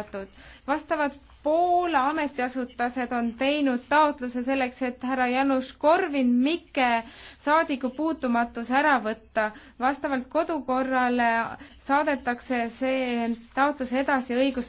esitatud. vastavad Poola ametiasutused on teinud taotluse selleks, et härra Janus Korvin Mikke saadiku puutumatus ära võtta. vastavalt kodukorrale saadetakse see taotlus edasi õigus-